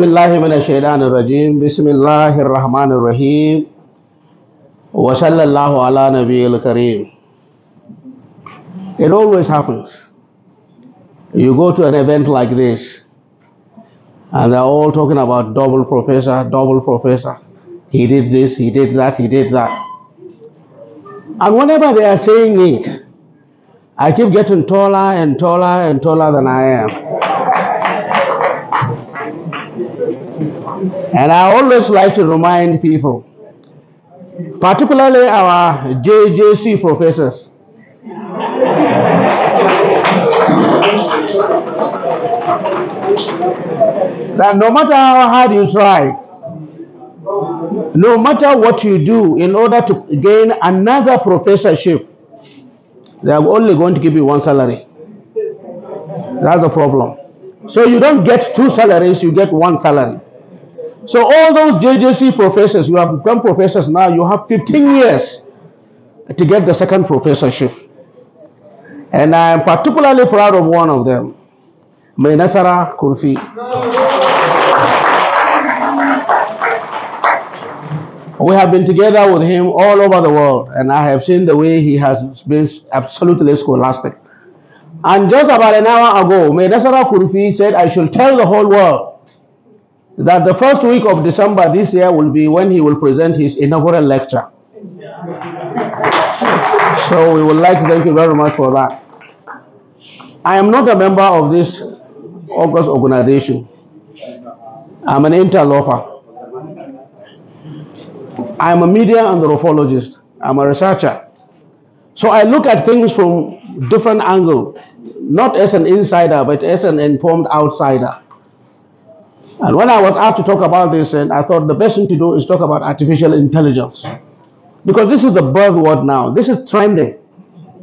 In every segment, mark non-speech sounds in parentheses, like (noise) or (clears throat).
بالله من الشيطان الرجيم بسم الله الرحمن الرحيم وصلى الله على نبي الكريم It always happens. You go to an event like this, and they're all talking about double professor, double professor. He did this, he did that, he did that. And whenever they are saying it, I keep getting taller and taller and taller than I am. And I always like to remind people, particularly our JJC professors, that no matter how hard you try, no matter what you do in order to gain another professorship, they are only going to give you one salary. That's the problem. So you don't get two salaries, you get one salary. So all those JJC professors, you have become professors now, you have 15 years to get the second professorship. And I am particularly proud of one of them, Mainasara Kurfi. We have been together with him all over the world, and I have seen the way he has been absolutely scholastic. And just about an hour ago, Mainasara Kurfi said, I should tell the whole world that the first week of December this year will be when he will present his inaugural lecture. So we would like to thank you very much for that. I am not a member of this August organization. I'm an interloper. I'm a media anthropologist. I'm a researcher. So I look at things from different angle, not as an insider, but as an informed outsider. And when I was asked to talk about this, and I thought the best thing to do is talk about artificial intelligence. Because this is the buzzword now. This is trending.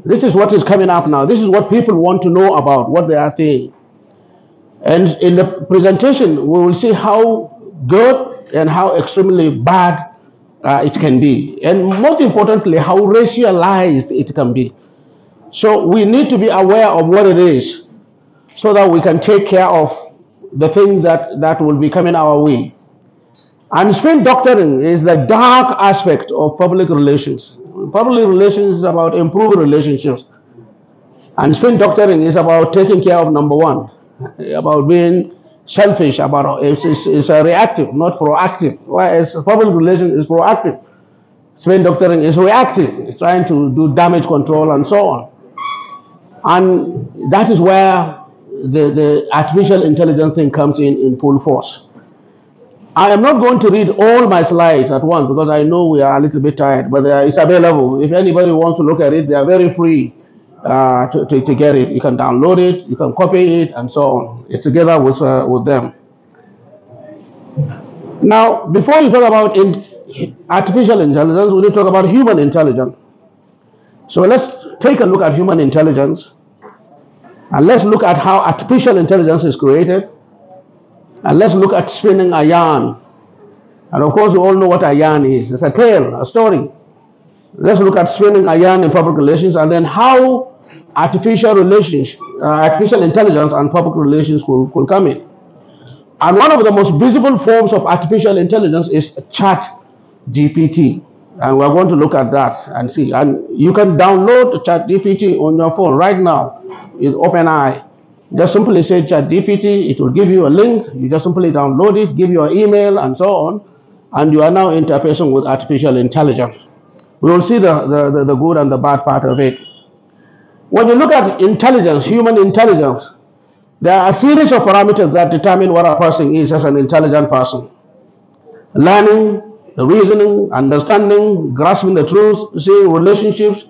This is what is coming up now. This is what people want to know about, what they are seeing. And in the presentation, we will see how good and how extremely bad uh, it can be. And most importantly, how racialized it can be. So we need to be aware of what it is so that we can take care of the things that, that will be coming our way. And spin doctoring is the dark aspect of public relations. Public relations is about improving relationships. And spin doctoring is about taking care of number one, (laughs) about being selfish, about it's, it's, it's a reactive, not proactive. Whereas public relations is proactive. Spin doctoring is reactive, it's trying to do damage control and so on. And that is where the, the artificial intelligence thing comes in in full force. I am not going to read all my slides at once because I know we are a little bit tired, but are, it's available. If anybody wants to look at it, they are very free uh, to, to, to, get it. You can download it, you can copy it, and so on. It's together with, uh, with them. Now, before you talk about in artificial intelligence, we need to talk about human intelligence. So let's take a look at human intelligence. And let's look at how artificial intelligence is created. And let's look at spinning a yarn. And of course, we all know what a yarn is. It's a tale, a story. Let's look at spinning a yarn in public relations and then how artificial relations, uh, artificial intelligence and public relations will, will come in. And one of the most visible forms of artificial intelligence is chat GPT. And we're going to look at that and see. And you can download chat GPT on your phone right now is OpenAI. Just simply say ChatGPT, it will give you a link. You just simply download it, give your email, and so on. And you are now interfacing with artificial intelligence. We will see the, the, the, the good and the bad part of it. When you look at intelligence, human intelligence, there are a series of parameters that determine what a person is as an intelligent person. Learning, reasoning, understanding, grasping the truth, seeing relationships,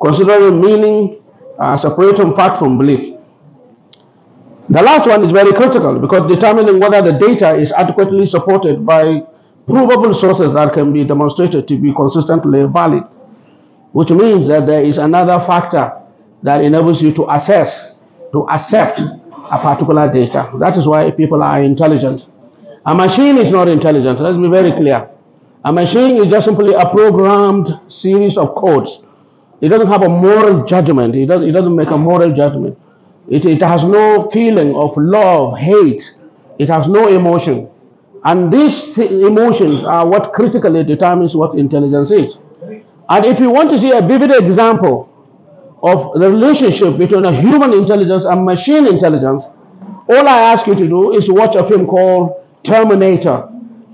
considering meaning, uh, separating fact from belief. The last one is very critical because determining whether the data is adequately supported by provable sources that can be demonstrated to be consistently valid, which means that there is another factor that enables you to assess, to accept a particular data. That is why people are intelligent. A machine is not intelligent, let's be very clear. A machine is just simply a programmed series of codes it doesn't have a moral judgment. It, does, it doesn't make a moral judgment. It, it has no feeling of love, hate. It has no emotion. And these th emotions are what critically determines what intelligence is. And if you want to see a vivid example of the relationship between a human intelligence and machine intelligence, all I ask you to do is watch a film called Terminator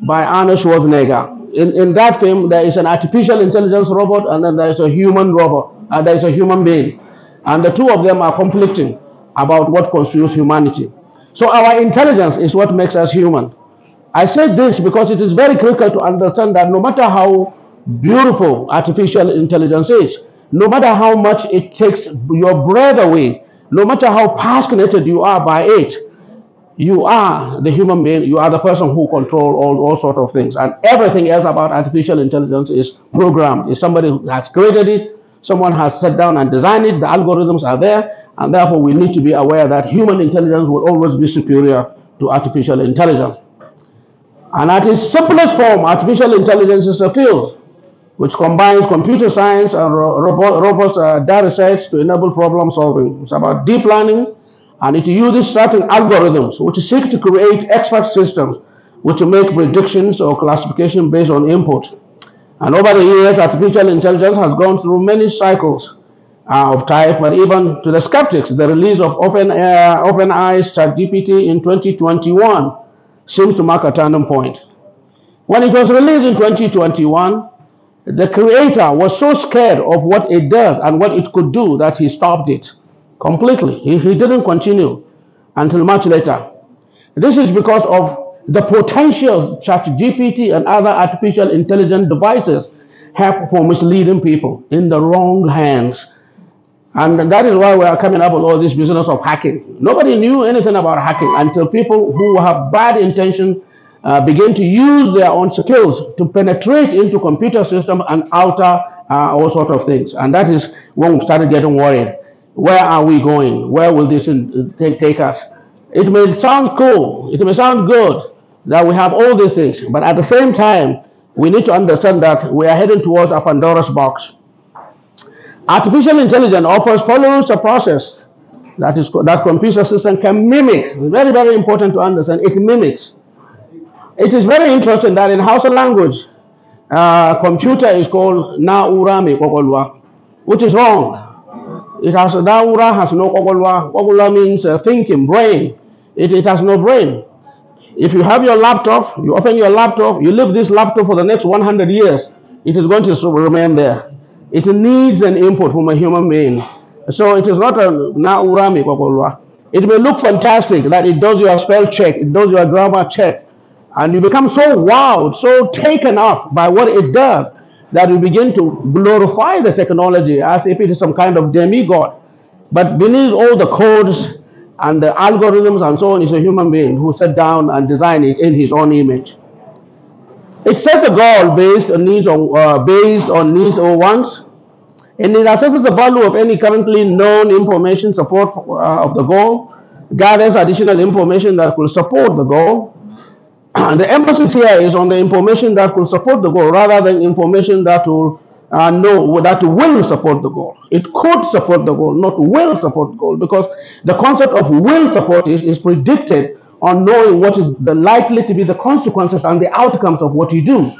by Arnold Schwarzenegger in, in that film, there is an artificial intelligence robot and then there is a human robot, and uh, there is a human being. And the two of them are conflicting about what constitutes humanity. So our intelligence is what makes us human. I say this because it is very critical to understand that no matter how beautiful artificial intelligence is, no matter how much it takes your breath away, no matter how passionate you are by it, you are the human being, you are the person who control all, all sorts of things. And everything else about artificial intelligence is programmed. It's somebody who has created it, someone has sat down and designed it, the algorithms are there, and therefore we need to be aware that human intelligence will always be superior to artificial intelligence. And at its simplest form, artificial intelligence is a field which combines computer science and robot, robust uh, data sets to enable problem solving. It's about deep learning, and it uses certain algorithms which seek to create expert systems which make predictions or classification based on input. And over the years, artificial intelligence has gone through many cycles uh, of type, but even to the skeptics, the release of OpenAI's uh, ChatGPT in 2021 seems to mark a turning point. When it was released in 2021, the creator was so scared of what it does and what it could do that he stopped it completely. He, he didn't continue until much later. This is because of the potential such GPT and other artificial intelligence devices have for misleading people in the wrong hands. And that is why we are coming up with all this business of hacking. Nobody knew anything about hacking until people who have bad intention uh, begin to use their own skills to penetrate into computer systems and alter uh, all sort of things. And that is when we started getting worried. Where are we going? Where will this uh, take, take us? It may sound cool, it may sound good that we have all these things, but at the same time, we need to understand that we are heading towards a Pandora's box. Artificial intelligence offers follows a process that is that computer system can mimic. Very, very important to understand. It mimics. It is very interesting that in Hausa language, uh, computer is called Na'urami Kokolwa, which is wrong. It has daura has no kogolwa. Kogolwa means uh, thinking, brain. It, it has no brain. If you have your laptop, you open your laptop, you leave this laptop for the next 100 years, it is going to remain there. It needs an input from a human being. So it is not a na'urami kogolwa. It may look fantastic that it does your spell check, it does your grammar check, and you become so wowed, so taken up by what it does that we begin to glorify the technology as if it is some kind of demigod. But beneath all the codes and the algorithms and so on is a human being who sat down and designed it in his own image. It sets a goal based on needs or uh, based on needs or wants, and it assesses the value of any currently known information support uh, of the goal, gathers additional information that will support the goal, (clears throat) the emphasis here is on the information that will support the goal rather than information that will uh, know that will support the goal. It could support the goal, not will support the goal, because the concept of will support is, is predicted on knowing what is the likely to be the consequences and the outcomes of what you do.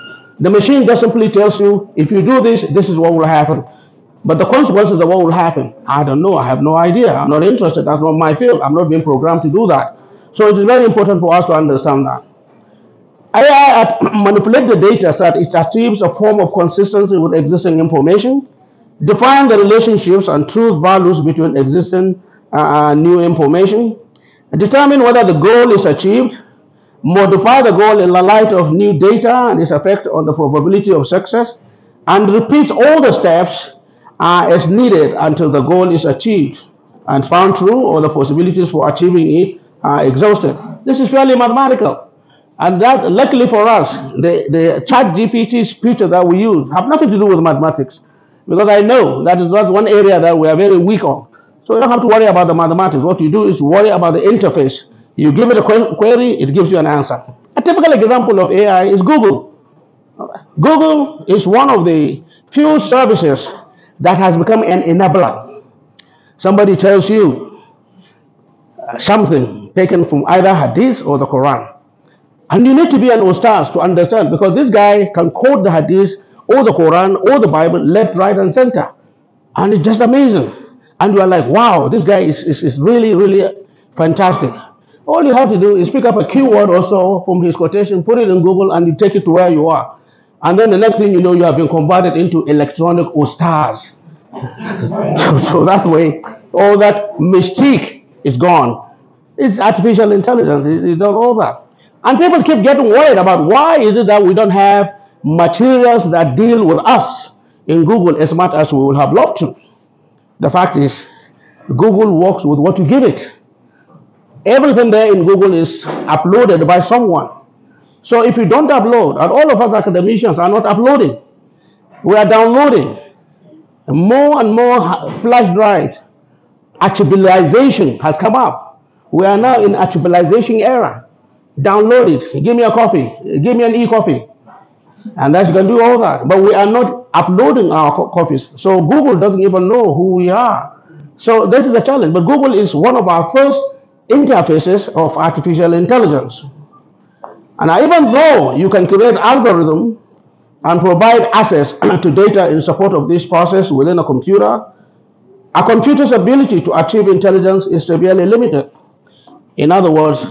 The machine just simply tells you, if you do this, this is what will happen. But the consequences of what will happen, I don't know. I have no idea. I'm not interested. That's not my field. I'm not being programmed to do that. So it is very important for us to understand that. AI manipulate the data so that it achieves a form of consistency with existing information, define the relationships and truth values between existing and uh, uh, new information, determine whether the goal is achieved, modify the goal in the light of new data and its effect on the probability of success, and repeat all the steps uh, as needed until the goal is achieved and found true or the possibilities for achieving it are exhausted. This is fairly mathematical. And that, luckily for us, the, the chat GPT's feature that we use have nothing to do with mathematics. Because I know that is not one area that we are very weak on. So you don't have to worry about the mathematics. What you do is worry about the interface. You give it a query, it gives you an answer. A typical example of AI is Google. Google is one of the few services that has become an enabler. Somebody tells you uh, something taken from either Hadith or the Quran and you need to be an ustaz to understand because this guy can quote the hadith or the Quran or the Bible left, right, and center. And it's just amazing. And you are like, wow, this guy is, is, is really, really fantastic. All you have to do is pick up a keyword or so from his quotation, put it in Google, and you take it to where you are. And then the next thing you know, you have been converted into electronic ustaz. so, (laughs) so that way, all that mystique is gone. It's artificial intelligence, it's, it's all that. And people keep getting worried about why is it that we don't have materials that deal with us in Google as much as we would have loved to. The fact is, Google works with what you give it. Everything there in Google is uploaded by someone. So if you don't upload, and all of us academicians are not uploading, we are downloading more and more flash drives. Archibalization has come up. We are now in archibalization era download it, give me a copy, give me an e-copy. And that you can do all that. But we are not uploading our co copies. So Google doesn't even know who we are. So this is the challenge. But Google is one of our first interfaces of artificial intelligence. And even though you can create algorithm and provide access (clears throat) to data in support of this process within a computer, a computer's ability to achieve intelligence is severely limited. In other words,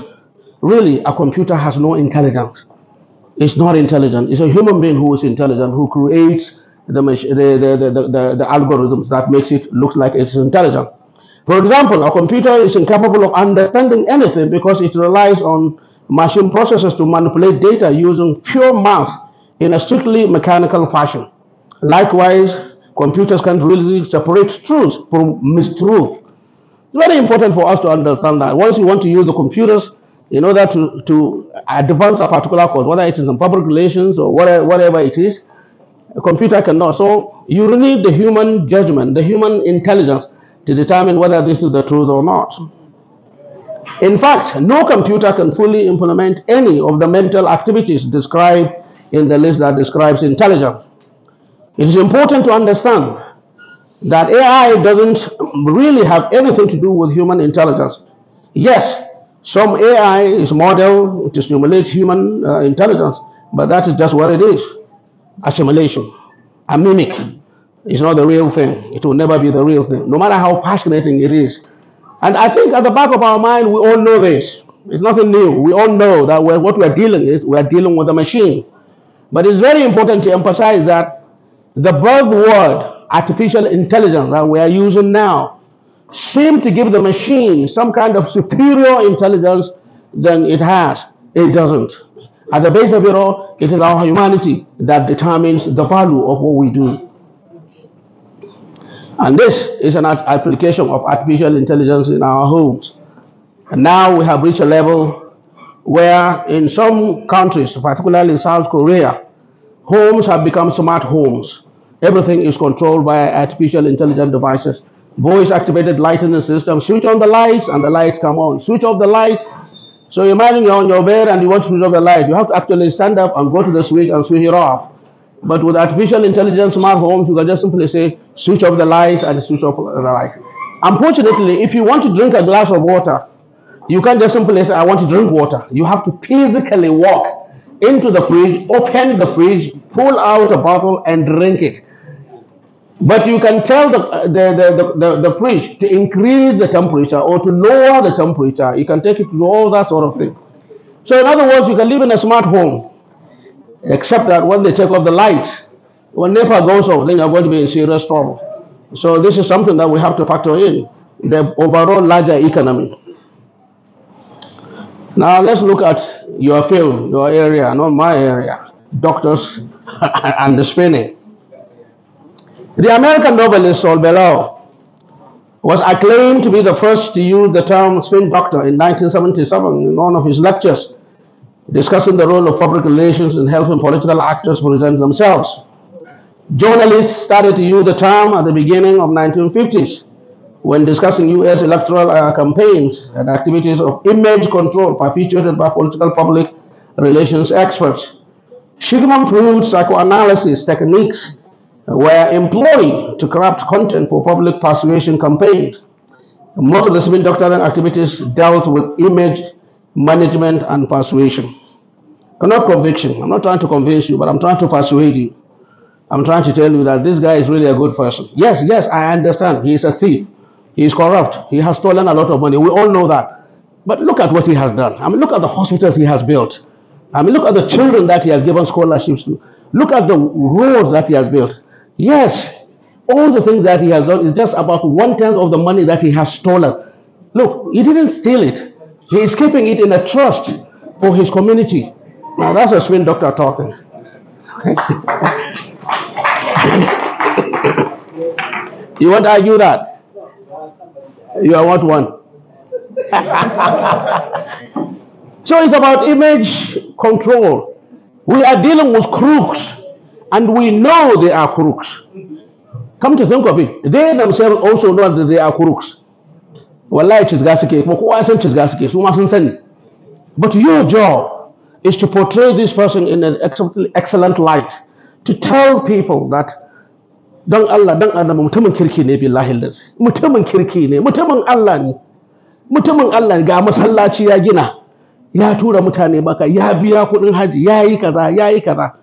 Really, a computer has no intelligence. It's not intelligent. It's a human being who is intelligent, who creates the, the, the, the, the algorithms that makes it look like it's intelligent. For example, a computer is incapable of understanding anything because it relies on machine processes to manipulate data using pure math in a strictly mechanical fashion. Likewise, computers can really separate truth from mistruth. It's very important for us to understand that. Once you want to use the computers, in order to, to advance a particular cause, whether it is in public relations or whatever, whatever it is, a computer cannot. So you really need the human judgment, the human intelligence to determine whether this is the truth or not. In fact, no computer can fully implement any of the mental activities described in the list that describes intelligence. It is important to understand that AI doesn't really have anything to do with human intelligence. Yes, some AI is model to simulate human uh, intelligence, but that is just what it is. A simulation, a mimic. It's not the real thing. It will never be the real thing, no matter how fascinating it is. And I think at the back of our mind, we all know this. It's nothing new. We all know that we're, what we're dealing is we're dealing with a machine. But it's very important to emphasize that the buzzword, artificial intelligence, that we are using now, seem to give the machine some kind of superior intelligence than it has. It doesn't. At the base of it all, it is our humanity that determines the value of what we do. And this is an application of artificial intelligence in our homes. And now we have reached a level where in some countries, particularly South Korea, homes have become smart homes. Everything is controlled by artificial intelligent devices voice activated lighting system. Switch on the lights and the lights come on. Switch off the lights. So imagine you're on your bed and you want to switch off the light. You have to actually stand up and go to the switch and switch it off. But with artificial intelligence smart homes, you can just simply say, switch off the lights and switch off the light. Unfortunately, if you want to drink a glass of water, you can't just simply say, I want to drink water. You have to physically walk into the fridge, open the fridge, pull out a bottle and drink it. But you can tell the, uh, the, the, the, the fridge to increase the temperature or to lower the temperature. You can take it to all that sort of thing. So in other words, you can live in a smart home, except that when they take off the lights, when NEPA goes off, then you're going to be in serious trouble. So this is something that we have to factor in, the overall larger economy. Now let's look at your field, your area, not my area, doctors (laughs) and the spinning. The American novelist Saul Bellow was acclaimed to be the first to use the term spin doctor in 1977 in one of his lectures discussing the role of public relations in helping political actors present themselves. Journalists started to use the term at the beginning of 1950s when discussing U.S. electoral uh, campaigns and activities of image control perpetuated by political public relations experts. Sigmund Freud's psychoanalysis techniques were employed to corrupt content for public persuasion campaigns. Most of the civil doctoral activities dealt with image management and persuasion. Not conviction. I'm not trying to convince you, but I'm trying to persuade you. I'm trying to tell you that this guy is really a good person. Yes, yes, I understand. He is a thief. He is corrupt. He has stolen a lot of money. We all know that. But look at what he has done. I mean, look at the hospitals he has built. I mean, look at the children that he has given scholarships to. Look at the roads that he has built. Yes, all the things that he has done is just about one tenth of the money that he has stolen. Look, he didn't steal it, he is keeping it in a trust for his community. Now, that's a swing doctor talking. (laughs) you want to argue that? You are what one? (laughs) so it's about image control. We are dealing with crooks. and we know they are crooks. Come to think of it, they themselves also know that they are crooks. Wallahi cizga suke, kuma kowa san cizga suke, su ma sun sani. But your job is to portray this person in an excellent light, to tell people that don Allah, don Allah mutumin kirki ne billahi lazi, mutumin kirki ne, mutumin Allah ne, mutumin Allah ne ga masallaci ya gina, ya tura mutane maka, ya biya kuɗin haji, ya yi kaza, ya yi kaza.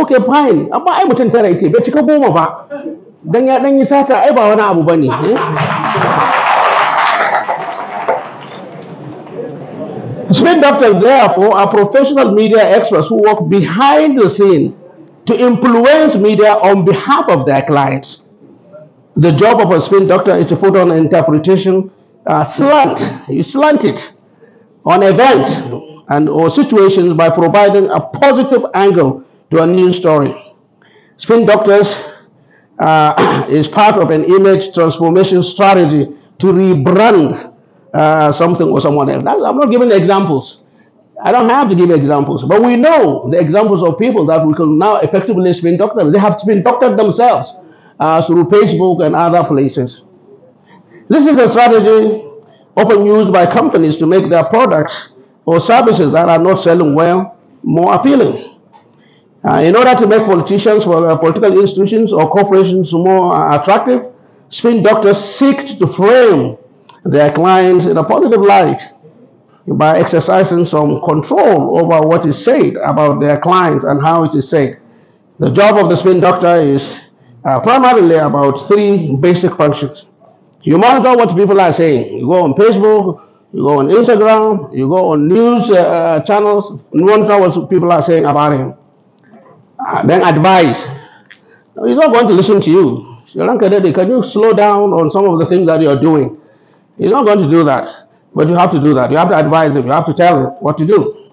ok fine amma ai mutum tara yake bai cika goma ba dan ya dan yi sata ai ba wani abu bane Spin doctors, therefore, are professional media experts who work behind the scene to influence media on behalf of their clients. The job of a spin doctor is to put on an interpretation uh, slant, you slant it on events and or situations by providing a positive angle to a new story. Spin Doctors uh, (clears throat) is part of an image transformation strategy to rebrand uh, something or someone else. I'm not giving examples. I don't have to give examples, but we know the examples of people that we can now effectively spin doctors. They have spin doctors themselves uh, through Facebook and other places. This is a strategy often used by companies to make their products or services that are not selling well more appealing. Uh, in order to make politicians, well, uh, political institutions or corporations more uh, attractive, spin doctors seek to frame their clients in a positive light by exercising some control over what is said about their clients and how it is said. The job of the spin doctor is uh, primarily about three basic functions. You monitor what people are saying. You go on Facebook, you go on Instagram, you go on news uh, channels, monitor what people are saying about him. Ah, then advise. He's not going to listen to you. Sri Lanka Daddy, can you slow down on some of the things that you're doing? He's not going to do that. But you have to do that. You have to advise him. You have to tell him what to do.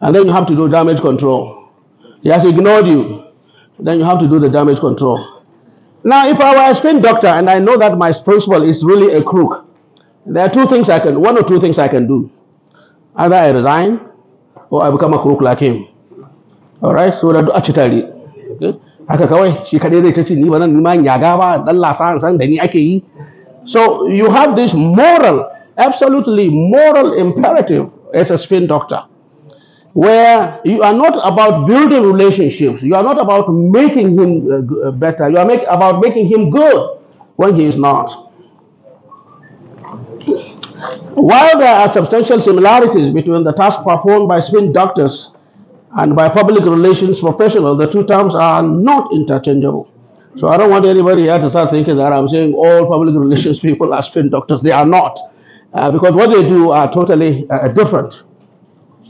And then you have to do damage control. He has ignored you. Then you have to do the damage control. Now, if I were a spin doctor and I know that my principal is really a crook, there are two things I can, one or two things I can do. Either I resign or I become a crook like him alright so da duk a ci tare haka kawai shi kadai zai ta ce ni ba nan ma yaga ba dan lasa san da ni ake yi so you have this moral absolutely moral imperative as a spin doctor where you are not about building relationships you are not about making him uh, uh, better you are make, about making him good when he is not while there are substantial similarities between the task performed by spin doctors and by public relations professional, the two terms are not interchangeable. So I don't want anybody here to start thinking that I'm saying all public (laughs) relations people are spin doctors. They are not. Uh, because what they do are totally uh, different.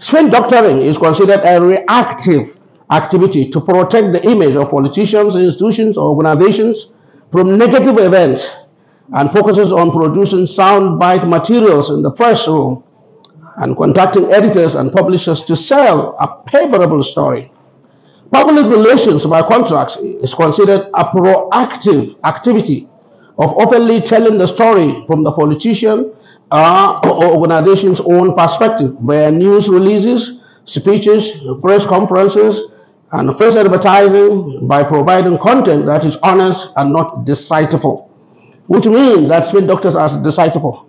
Spin doctoring is considered a reactive activity to protect the image of politicians, institutions, or organizations from negative events and focuses on producing soundbite materials in the press room and contacting editors and publishers to sell a favorable story. Public relations by contracts is considered a proactive activity of openly telling the story from the politician uh, or organization's own perspective via news releases, speeches, press conferences, and press advertising by providing content that is honest and not deceitful, which means that spin Doctors are deceitful.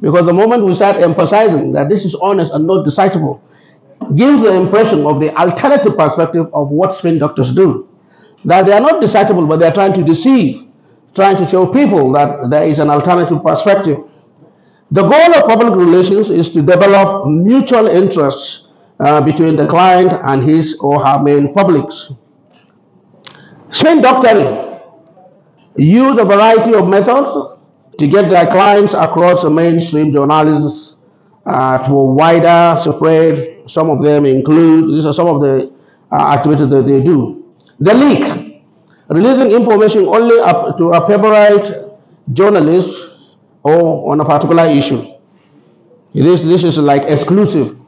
Because the moment we start emphasizing that this is honest and not decidable, gives the impression of the alternative perspective of what spin doctors do. That they are not decidable, but they are trying to deceive, trying to show people that there is an alternative perspective. The goal of public relations is to develop mutual interests uh, between the client and his or her main publics. Spin doctoring use a variety of methods to get their clients across the mainstream journalists uh, to a wider spread. Some of them include, these are some of the uh, activities that they do. The leak, releasing information only up to a favorite journalist or on a particular issue. This, this is like exclusive,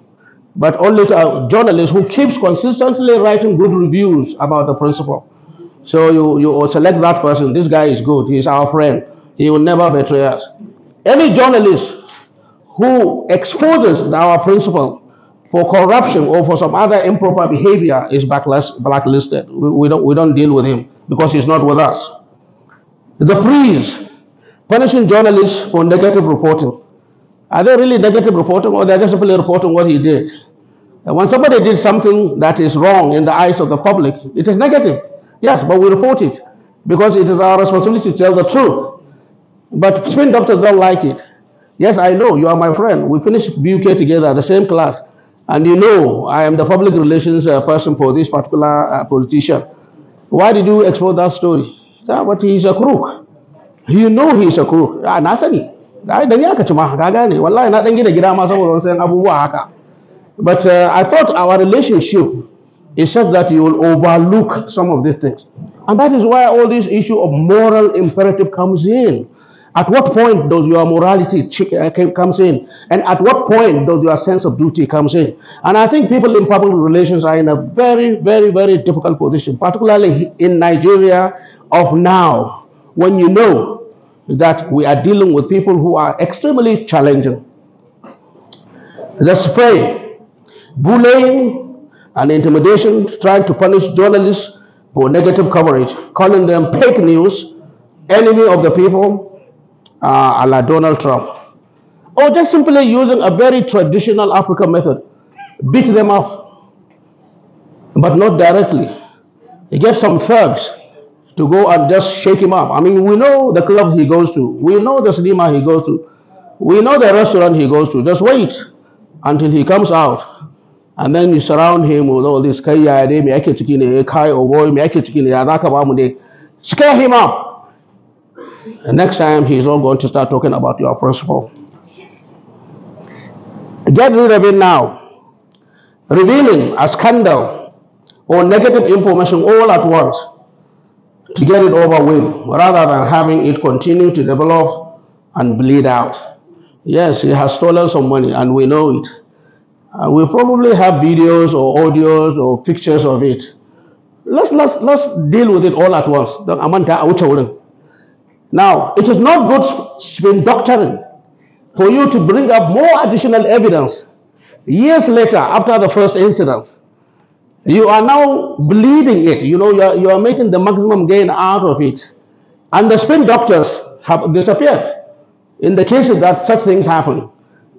but only to a journalist who keeps consistently writing good reviews about the principal. So you, you select that person, this guy is good, he's our friend he will never betray us. Any journalist who exposes our principle for corruption or for some other improper behavior is blacklisted. We, don't, we don't deal with him because he's not with us. The priests punishing journalists for negative reporting. Are they really negative reporting or they're just simply reporting what he did? And when somebody did something that is wrong in the eyes of the public, it is negative. Yes, but we report it because it is our responsibility to tell the truth. But twin doctors don't like it. Yes, I know, you are my friend. We finished BUK together, the same class. And you know, I am the public relations uh, person for this particular uh, politician. Why did you expose that story? Yeah, but he's a crook. You know he's a crook. Ah, na ah, haka. But uh, I thought our relationship is such that you will overlook some of these things. And that is why all this issue of moral imperative comes in. At what point does your morality uh, comes in? And at what point does your sense of duty comes in? And I think people in public relations are in a very, very, very difficult position, particularly in Nigeria of now, when you know that we are dealing with people who are extremely challenging. The spray, bullying and intimidation, trying to punish journalists for negative coverage, calling them fake news, enemy of the people, uh, a la Donald Trump, or just simply using a very traditional African method, beat them up, but not directly. You get some thugs to go and just shake him up. I mean, we know the club he goes to, we know the cinema he goes to, we know the restaurant he goes to. Just wait until he comes out. And then you surround him with all this, Scare him up next time, he's not going to start talking about your principle. Get rid of it now. Revealing a scandal or negative information all at once to get it over with rather than having it continue to develop and bleed out. Yes, he has stolen some money and we know it. And we probably have videos or audios or pictures of it. Let's, let's, let's deal with it all at once. Now, it is not good doctrine for you to bring up more additional evidence years later after the first incident. You are now bleeding it. You know, you are, you are making the maximum gain out of it. And the spin doctors have disappeared in the cases that such things happen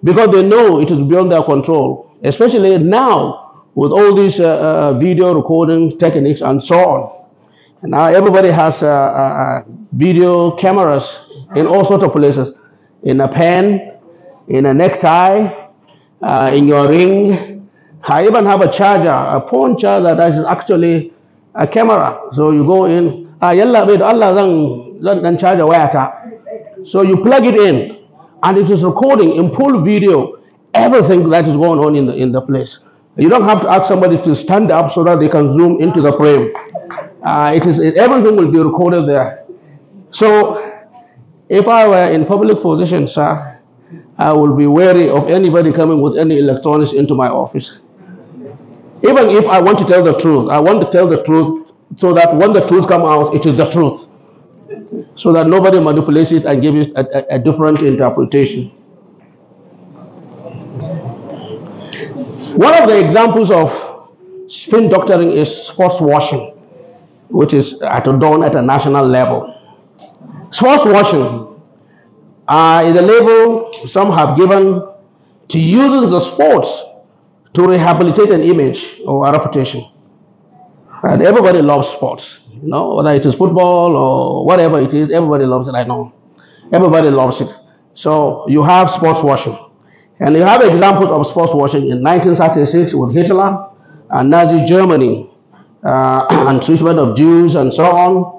because they know it is beyond their control, especially now with all these uh, uh, video recording techniques and so on. Now everybody has uh, uh, uh, video cameras in all sorts of places, in a pen, in a necktie, uh, in your ring. I even have a charger, a phone charger that is actually a camera. So you go in, ah, yalla bid Allah then charge charger water. So you plug it in and it is recording in full video everything that is going on in the, in the place. You don't have to ask somebody to stand up so that they can zoom into the frame. Uh, it is everything will be recorded there. So if I were in public position, sir, I would be wary of anybody coming with any electronics into my office. Even if I want to tell the truth, I want to tell the truth so that when the truth comes out, it is the truth. So that nobody manipulates it and gives it a, a, a different interpretation. One of the examples of spin doctoring is sports washing which is at done at a national level. Sports washing uh, is a label some have given to using the sports to rehabilitate an image or a reputation. And everybody loves sports, you know, whether it is football or whatever it is, everybody loves it, I know. Everybody loves it. So you have sports washing. And you have examples of sports washing in 1936 with Hitler and Nazi Germany uh, (clears throat) and treatment of Jews and so on.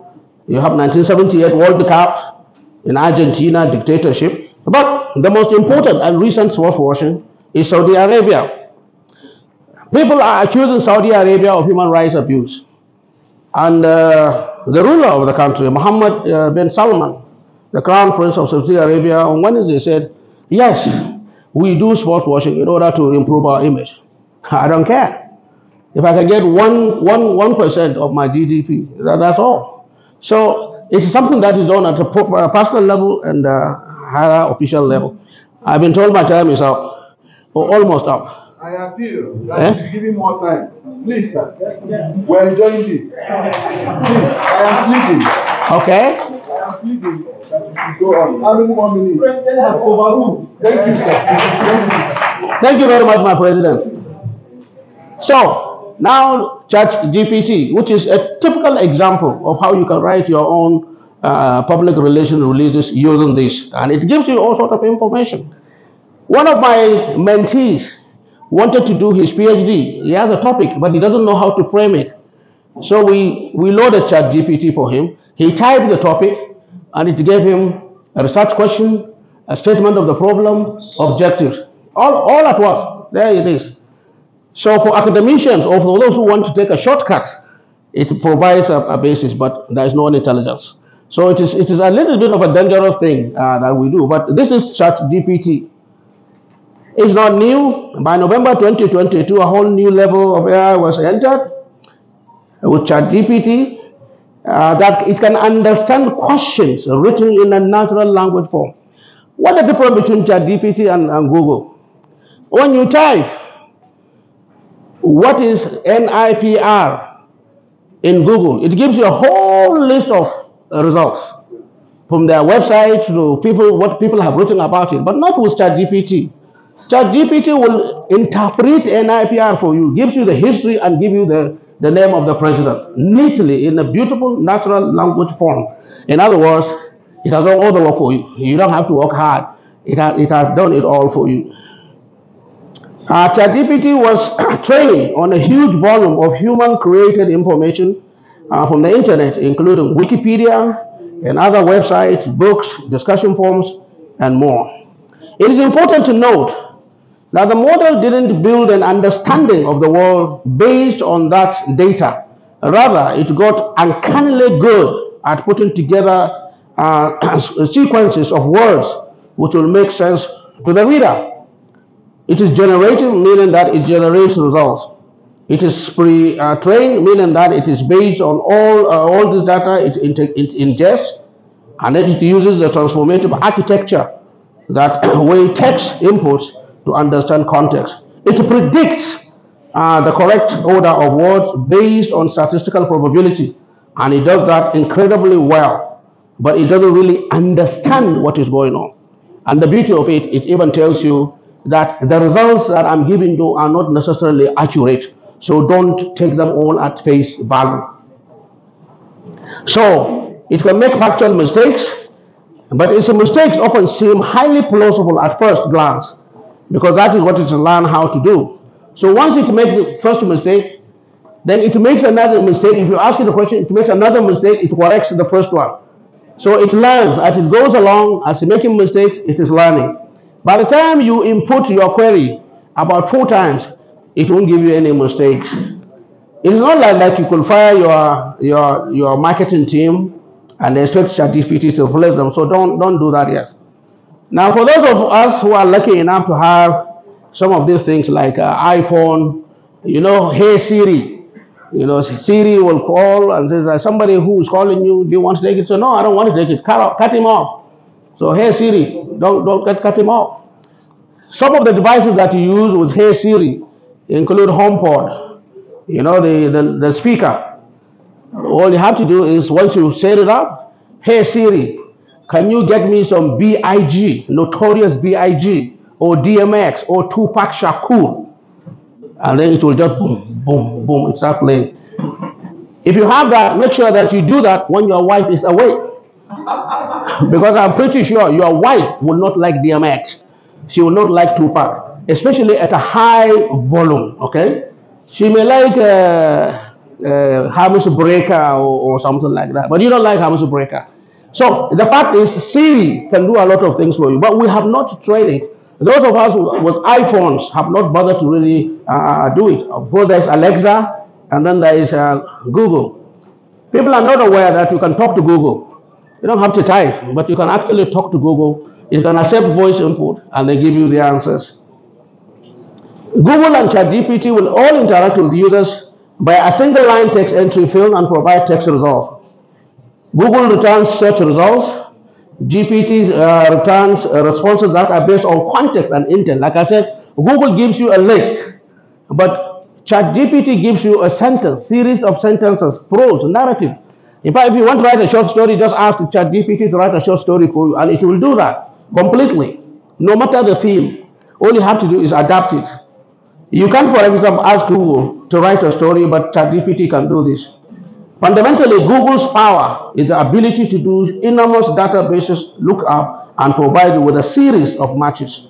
You have 1978 World Cup in Argentina dictatorship. But the most important and recent worth watching is Saudi Arabia. People are accusing Saudi Arabia of human rights abuse. And uh, the ruler of the country, Mohammed uh, bin Salman, the crown prince of Saudi Arabia, on Wednesday said, yes, we do sport washing in order to improve our image. (laughs) I don't care. If I can get one, one, one percent of my GDP, that, that's all. So it's something that is done at a personal level and higher official level. I've been told my time is up, or almost up. I appeal that eh? you give me more time. Please, sir. We're enjoying this. Please, I am pleading. Okay. How many more minutes? President has overruled. Thank you, sir. Thank you very much, my president. So, now, Chat GPT, which is a typical example of how you can write your own uh, public relations releases using this. And it gives you all sort of information. One of my mentees wanted to do his PhD. He has a topic, but he doesn't know how to frame it. So we, we loaded Chat GPT for him. He typed the topic, and it gave him a research question, a statement of the problem, objectives, all, all at once. There it is. So for academicians or for those who want to take a shortcut, it provides a, a basis, but there is no intelligence. So it is, it is a little bit of a dangerous thing uh, that we do, but this is chat DPT. It's not new. By November 2022, a whole new level of AI was entered with chat DPT uh, that it can understand questions written in a natural language form. What is the difference between chat DPT and, and Google? When you type, what is NIPR in Google. It gives you a whole list of uh, results from their website to people, what people have written about it, but not with ChatGPT. ChatGPT will interpret NIPR for you, gives you the history and give you the, the name of the president neatly in a beautiful natural language form. In other words, it has done all the work for you. You don't have to work hard. It has, it has done it all for you. Uh, ChatGPT was (clears throat) trained on a huge volume of human-created information uh, from the internet, including Wikipedia and other websites, books, discussion forums, and more. It is important to note that the model didn't build an understanding of the world based on that data. Rather, it got uncannily good at putting together uh, (clears throat) sequences of words which will make sense to the reader. It is generative, meaning that it generates results. It is pre-trained, meaning that it is based on all, uh, all this data it, it, it ingests, and then it uses the transformative architecture that (coughs) way text inputs to understand context. It predicts uh, the correct order of words based on statistical probability, and it does that incredibly well, but it doesn't really understand what is going on. And the beauty of it, it even tells you that the results that I'm giving you are not necessarily accurate. So don't take them all at face value. So it can make factual mistakes, but its mistakes often seem highly plausible at first glance because that is what it learned how to do. So once it makes the first mistake, then it makes another mistake. If you ask it a question, it makes another mistake, it corrects the first one. So it learns as it goes along, as making mistakes, it is learning. By the time you input your query about four times, it won't give you any mistakes. It's not like that you could fire your, your, your marketing team and expect ChatGPT to replace them. So don't, don't do that yet. Now, for those of us who are lucky enough to have some of these things like uh, iPhone, you know, hey Siri, you know, Siri will call and says, somebody who is calling you, do you want to take it? So, no, I don't want to take it. Cut, off, cut him off. So, hey Siri, don't, don't cut, cut him off. Some of the devices that you use with Hey Siri include HomePod, you know, the, the, the speaker. All you have to do is once you set it up, Hey Siri, can you get me some BIG, Notorious BIG, or DMX, or Tupac Shakur? And then it will just boom, boom, boom, it starts playing. If you have that, make sure that you do that when your wife is awake because I'm pretty sure your wife will not like DMX. She will not like Tupac, especially at a high volume. Okay, she may like uh, uh, Hamus Breaker or, or, something like that, but you don't like Hamus Breaker. So the fact is, Siri can do a lot of things for you, but we have not tried it. Those of us with iPhones have not bothered to really uh, uh, uh do it. Of course, there's Alexa, and then there is uh, Google. People are not aware that you can talk to Google. You don't have to type, but you can actually talk to Google. You can accept voice input, and they give you the answers. Google and ChatGPT will all interact with users by a single line text entry field and provide text results. Google returns search results. GPT uh, returns uh, responses that are based on context and intent. Like I said, Google gives you a list, but ChatGPT gives you a sentence, series of sentences, prose, narrative, in fact, if you want to write a short story, just ask ChatGPT to write a short story for you, and it will do that completely, no matter the theme. All you have to do is adapt it. You can't, for example, ask Google to write a story, but ChatGPT can do this. Fundamentally, Google's power is the ability to do enormous databases lookup and provide you with a series of matches.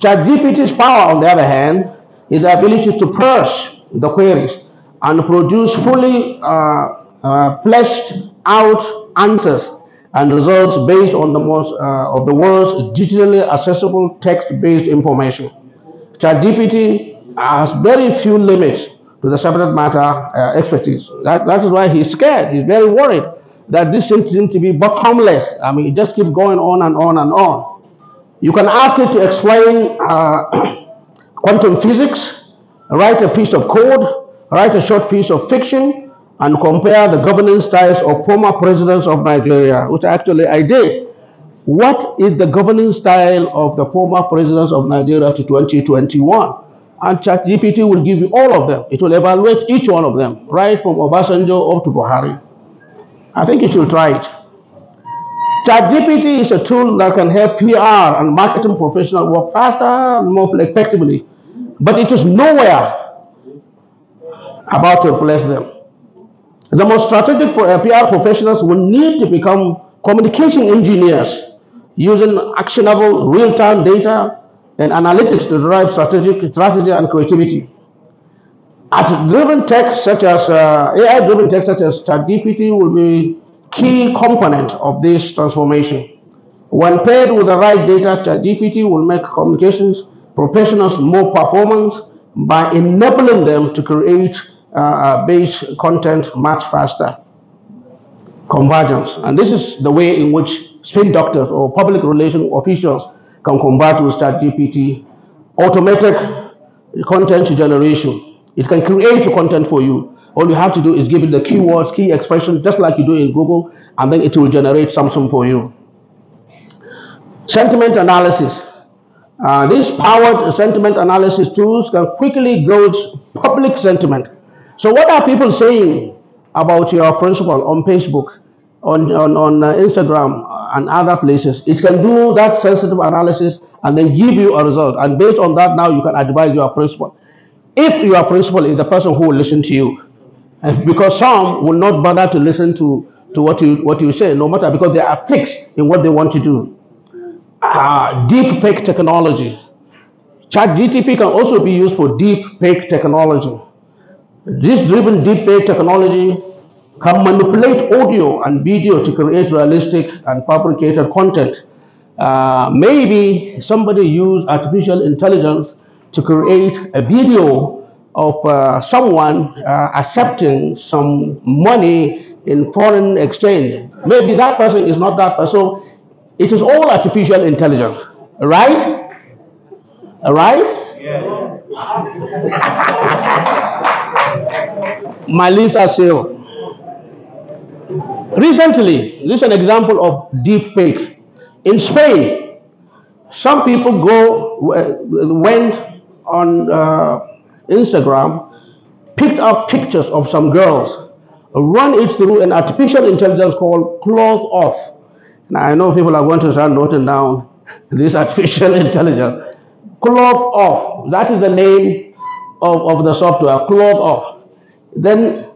ChatGPT's power, on the other hand, is the ability to parse the queries and produce fully uh, uh, fleshed out answers and results based on the most uh, of the world's digitally accessible text-based information. ChatGPT has very few limits to the subject matter uh, expertise. That, that is why he's scared. He's very worried that this seems, seems to be bottomless. I mean, it just keeps going on and on and on. You can ask it to explain uh, (clears throat) quantum physics, write a piece of code, write a short piece of fiction, and compare the governance styles of former presidents of Nigeria, which actually I did. What is the governing style of the former presidents of Nigeria to 2021? And ChatGPT will give you all of them. It will evaluate each one of them, right from Obasanjo up to Buhari. I think you should try it. ChatGPT is a tool that can help PR and marketing professionals work faster and more effectively, but it is nowhere about to replace them. The most strategic PR uh, professionals will need to become communication engineers using actionable real-time data and analytics to drive strategic strategy and creativity. At driven tech such as uh, AI-driven tech such as ChatGPT will be key component of this transformation. When paired with the right data, ChatGPT will make communications professionals more performant by enabling them to create uh, uh based content much faster. Convergence. And this is the way in which spin doctors or public relations officials can combat with ChatGPT. Automatic content generation. It can create content for you. All you have to do is give it the keywords, key expressions, just like you do in Google, and then it will generate something for you. Sentiment analysis. Uh, these powered sentiment analysis tools can quickly gauge public sentiment so what are people saying about your principal on Facebook, on, on, on uh, Instagram, uh, and other places? It can do that sensitive analysis and then give you a result. And based on that, now you can advise your principal. If your principal is the person who will listen to you, eh, because some will not bother to listen to, to what, you, what you say, no matter because they are fixed in what they want to do. Uh, deep fake technology. Chat GTP can also be used for deep fake technology this driven deep paid technology can manipulate audio and video to create realistic and fabricated content. Uh, maybe somebody used artificial intelligence to create a video of uh, someone uh, accepting some money in foreign exchange. Maybe that person is not that person. it is all artificial intelligence, right? Right? Yeah. (laughs) are sealed. Recently, this is an example of deep fake. In Spain, some people go uh, went on uh, Instagram, picked up pictures of some girls, run it through an artificial intelligence called Cloth Off. Now I know people are going to start noting down (laughs) this artificial (laughs) intelligence. Cloth Off, that is the name of, of the software, cloth up. Then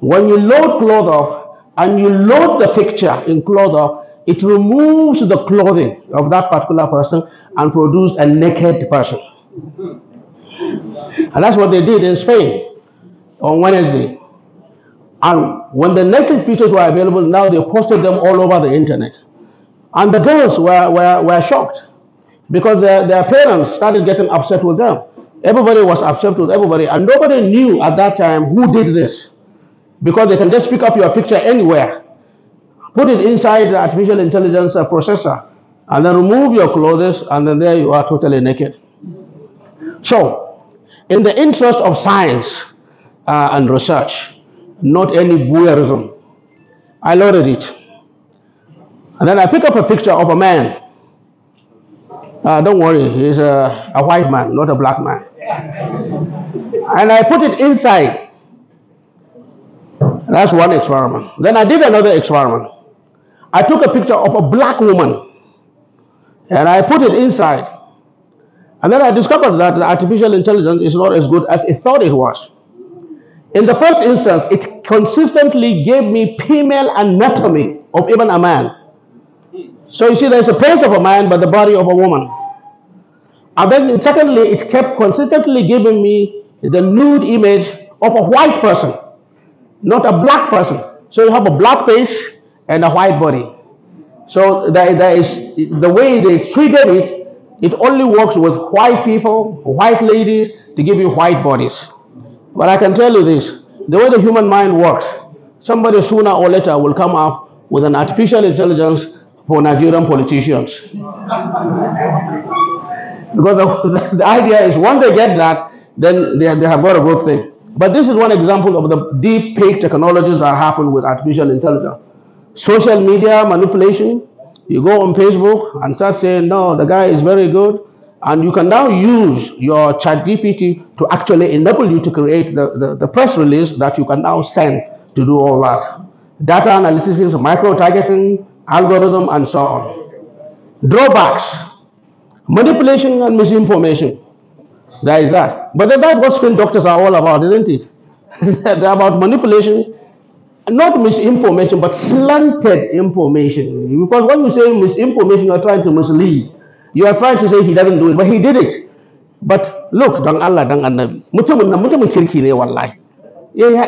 when you load cloth up and you load the picture in cloth up, it removes the clothing of that particular person and produces a naked person. And that's what they did in Spain on Wednesday. And when the naked pictures were available, now they posted them all over the internet. And the girls were, were, were shocked because their, their parents started getting upset with them. Everybody was upset with everybody, and nobody knew at that time who did this because they can just pick up your picture anywhere, put it inside the artificial intelligence processor, and then remove your clothes, and then there you are totally naked. So, in the interest of science uh, and research, not any voyeurism, I loaded it. And then I pick up a picture of a man. Uh, don't worry, he's a, a white man, not a black man and I put it inside. That's one experiment. Then I did another experiment. I took a picture of a black woman and I put it inside. And then I discovered that the artificial intelligence is not as good as it thought it was. In the first instance, it consistently gave me female anatomy of even a man. So you see, there's a face of a man, but the body of a woman. And then secondly, it kept consistently giving me the nude image of a white person, not a black person. So you have a black face and a white body. So there, there is the way they treated it, it only works with white people, white ladies, to give you white bodies. But I can tell you this, the way the human mind works, somebody sooner or later will come up with an artificial intelligence for Nigerian politicians. Because the, (laughs) the, idea is once they get that, then they, they have got a good thing. But this is one example of the deep fake technologies that happen with artificial intelligence. Social media manipulation, you go on Facebook and start saying, no, the guy is very good. And you can now use your chat GPT to actually enable you to create the, the, the press release that you can now send to do all that. Data analytics, micro-targeting, algorithm, and so on. Drawbacks. Manipulation and misinformation. There is that. But that's what screen doctors are all about, isn't it? (laughs) They're about manipulation, not misinformation, but slanted information. Because when you say misinformation, you're trying to mislead. You are trying to say he doesn't do it, but he did it. But look, Dang Allah, Dang Annabi, mutumin nan mutumin kirki ne wallahi. Ya yi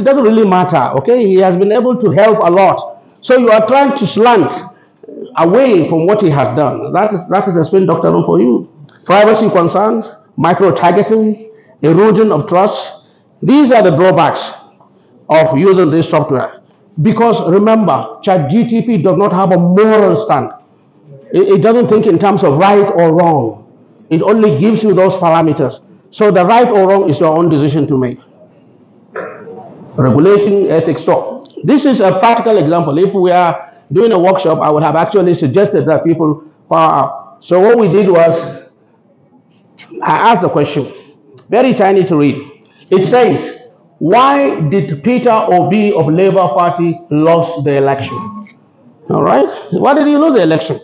it doesn't really matter, okay? He has been able to help a lot. So you are trying to slant away from what he has done. That is, that is explained Dr. No for you. Privacy concerns, micro-targeting, erosion of trust. These are the drawbacks of using this software. Because remember, ChatGTP does not have a moral stand. It, it doesn't think in terms of right or wrong. It only gives you those parameters. So the right or wrong is your own decision to make. Regulation, ethics, talk. This is a practical example. If we are Doing a workshop, I would have actually suggested that people So what we did was, I asked the question, very tiny to read. It says, why did Peter Obi of Labour Party lose the election? All right. Why did he lose the election?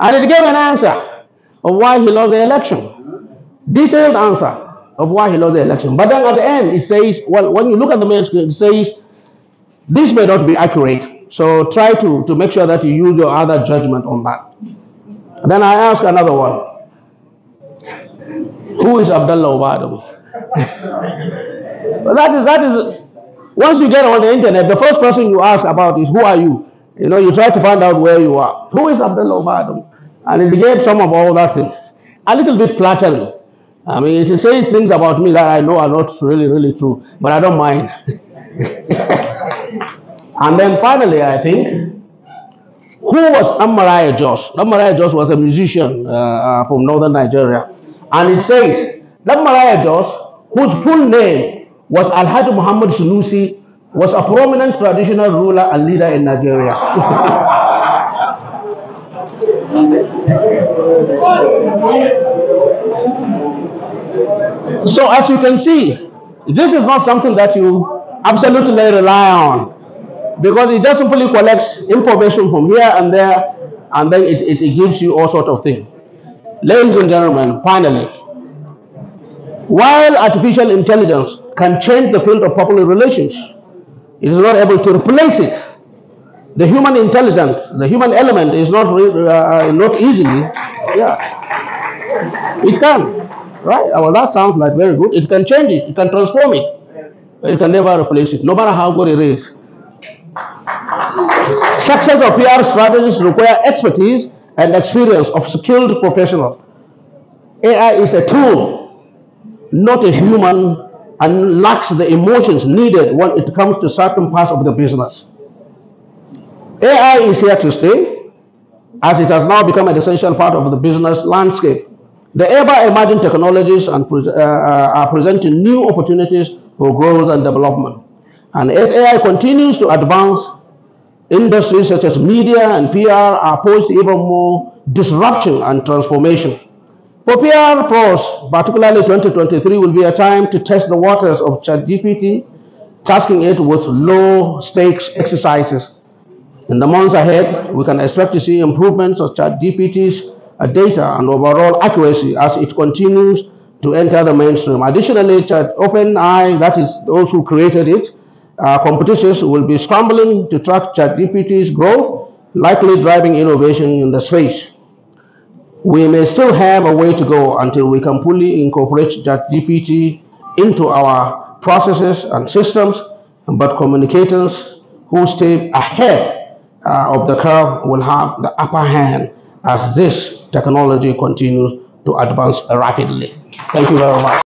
And it gave an answer of why he lost the election. Detailed answer of why he lost the election. But then at the end, it says, well, when you look at the manuscript, it says, this may not be accurate. So try to, to make sure that you use your other judgment on that. then I ask another one. Who is Abdullah Ubadam? (laughs) that is that is once you get on the internet, the first person you ask about is who are you? You know, you try to find out where you are. Who is Abdullah Ubadam? And it gave some of all that thing. A little bit flattering. I mean, it is saying things about me that I know are not really, really true, but I don't mind. (laughs) And then finally, I think, who was Amariah Josh? Amariah Josh was a musician uh, uh from northern Nigeria. And it says, Amariah Josh, whose full name was Alhaji Muhammad Sunusi, was a prominent traditional ruler and leader in Nigeria. (laughs) so as you can see, this is not something that you absolutely rely on because it just simply collects information from here and there and then it, it, it gives you all sort of things. Ladies and gentlemen, finally, while artificial intelligence can change the field of popular relations, it is not able to replace it. The human intelligence, the human element is not uh, uh, not easily, yeah. It can, right? Well, that sounds like very good. It can change it, it can transform it. It can never replace it, no matter how good it is. Success of PR strategies require expertise and experience of skilled professionals. AI is a tool, not a human, and lacks the emotions needed when it comes to certain parts of the business. AI is here to stay, as it has now become an essential part of the business landscape. The ever-emerging technologies and, uh, uh, are presenting new opportunities for growth and development. And as AI continues to advance, Industries such as media and PR are poised even more disruption and transformation. For PR pros, particularly 2023 will be a time to test the waters of ChatGPT, tasking it with low stakes exercises. In the months ahead, we can expect to see improvements of ChatGPT's data and overall accuracy as it continues to enter the mainstream. Additionally, OpenAI, that is those who created it, uh, competitors will be scrambling to track ChatGPT's growth, likely driving innovation in the space. We may still have a way to go until we can fully incorporate ChatGPT into our processes and systems, but communicators who stay ahead uh, of the curve will have the upper hand as this technology continues to advance rapidly. Thank you very much.